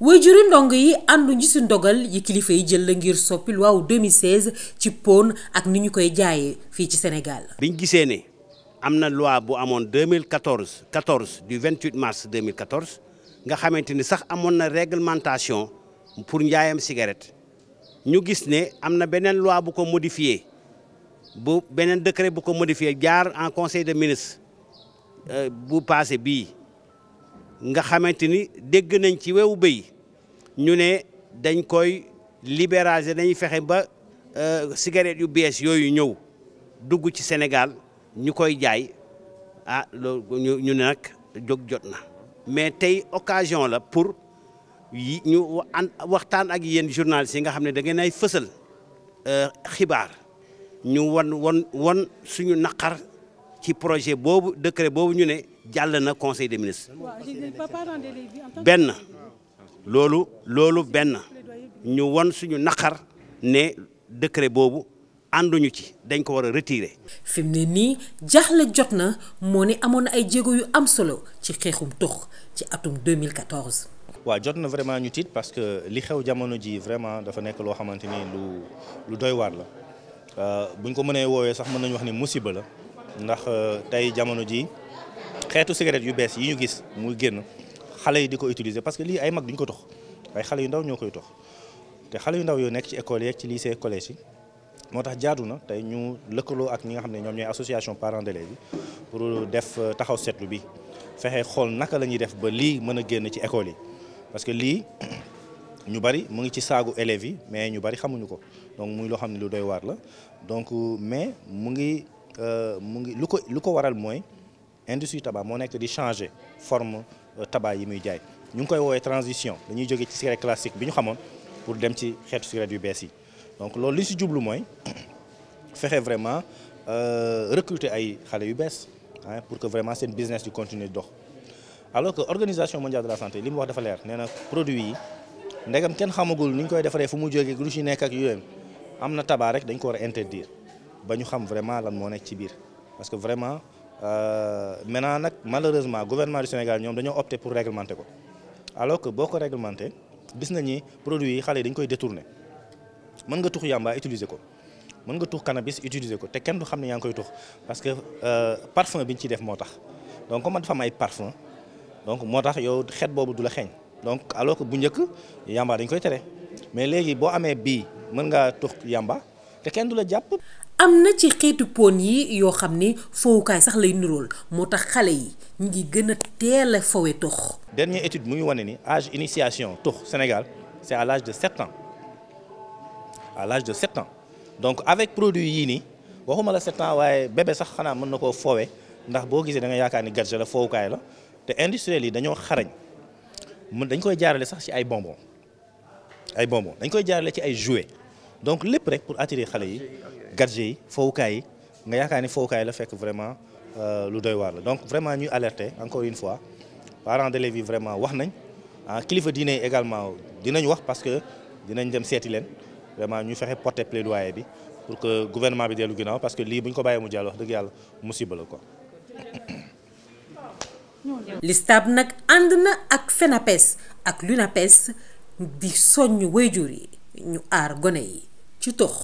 wayjuri ndong yi ànduñu ci ndogal yi kilifa yi jël la ngir soppi loi 2016 ci pon ak ni ñu koy jaayee fii ci Sénégal. biñ gisee ne am na loi bu amoon 2014 14 du 28 mars 2014 nga xamante ni sax amoon na réglementation pour njaayam cigarette ñu gis ne am na beneen loi bu ko modifié bu beneen décret bu ko modifié jaar en conseil de ministre euh, bu passé bii nga xamante ni dégg nañ ci wewu béy ñu ne dañ koy libéraliser dañuy fexe ba euh, cigarette yu bees yooyu ñëw dugg ci Sénégal ñu koy jaay ah loolu ñu ne nag jóg jot na mais tey occasion la pour yi ñu waxtaan ak yéen journalistes yi nga xam ne da ngeen ay fësal euh, xibaar ñu wan wan wan suñu naqar ci projet boobu décret boobu ñu ne jàll na conseil des ministres benn loolu loolu benn ñu wan suñu naqar ne décret boobu ànduñu ci dañ ko war a retirer. fi mu ne nii jaaxle jot na moo ne amoon na ay jéego yu am solo ci xeexum tux ci atum 2014. waaw jot na vraiment ñu tiit parce que li xew jamono ji vraiment dafa nekk loo xamante ni lu lu doy waar la. Euh, buñ ko mënee woowee sax mën nañu wax ne musiba la ndax euh, tey jamono ji xeetu cigarette yu bees yi ñu gis muy génn xale yi di ko utiliser parce que lii ay mag duñ ko tox ay xale yu ndaw ñoo koy tox te xale yu ndaw yoo nekk ci école yeeg ci lycée collège yi moo tax jaadu na tey ñu lëkkaloo ak ñi nga xam ne ñoom ñooy association parents d'élèves yi pour def euh, taxaw seetlu bi fexe xool naka la ñuy def ba lii mën a génn ci école yi parce lii ñu bari mu ngi ci saagu élèves yi mais ñu bari xamuñu ko donc muy loo xam ne lu doy waar la donc euh, mais mu ngi euh, mu ngi lu ko lu ko waral mooy industrie tabac moo nekk di changer forme euh, tabac yi muy jaay ñu ngi koy woowee transition dañuy jóge ci cigarette classique bi ñu xamoon pour dem ci xeetu cigarette yu bees yi donc loolu li si jublu mooy fexe vraiment recruter ay xale yu bees ah pour que vraiment seen business yu continuer dox alors que organisation mondiale li mu wax dafa leer nee na produit yi. ndegam kenn xamagul ni koy defaree fu mu jógee lu ci nekk ak yooyu am na tabac rek dañ ko war a interdire ba ñu xam vraiment lan moo nekk ci biir parce que vraiment euh, maintenant nag malheureusement gouvernement du Sénégal ñoom dañoo opté pour réglementer ko alors que boo ko réglementer bis nañ ni produits yi xale dañ koy détourner mën nga tux yàmba utiliser ko mën nga tux cannabis utiliser ko te kenn du xam ne yaa ngi koy tux parce que euh, parfum bi ñu ciy def moo tax donc comme dafa am ay parfum donc moo tax yow xet boobu du la xeeñ. donc alors que bu njëkk yamba dañ koy tere mais léegi boo amee bii mën ngaa tux yamba te kenn du la jàpp. am na ci xeetu pon yi yoo xam ni fowukaay sax lay nurool moo tax xale yi ñu ngi gën a teel a fowe tox. dernière étude mu ngi wane ni âge initiation tox Sénégal est à l' âge de à l' âge de sept donc avec produit yii nii waxuma la sept ans waaye bébé sax xanaa mën na koo fowe ndax boo gisee da nga yaakaar ni gadget la fowukaay la te industriel yi dañoo xarañ. mën dañ koy jaarale sax ci ay bonbon ay bonbon dañ koy jaarale ci ay jouet donc lépp rek pour attirer xale yi gadget yi fowukaay yi nga yaakaar ni fowukaay la fekk vraiment euh, lu doy waar la donc vraiment ñuy alerte encore une fois parents d'élèves yi vraiment wax nañ ah kilifa diine yi également dinañ wax parce que dinañ dem seeti leen vraiment ñu fexe porter plaidoyer bi pour que gouvernement bi dellu ginnaaw parce que lii buñ ko bàyyee mu jàll wax dëgg yàlla musiba la ko LISTAB nag ànd na ak FENAPES ak LUNAPES di soññ wayjur yi ñu aar gone yi ci tox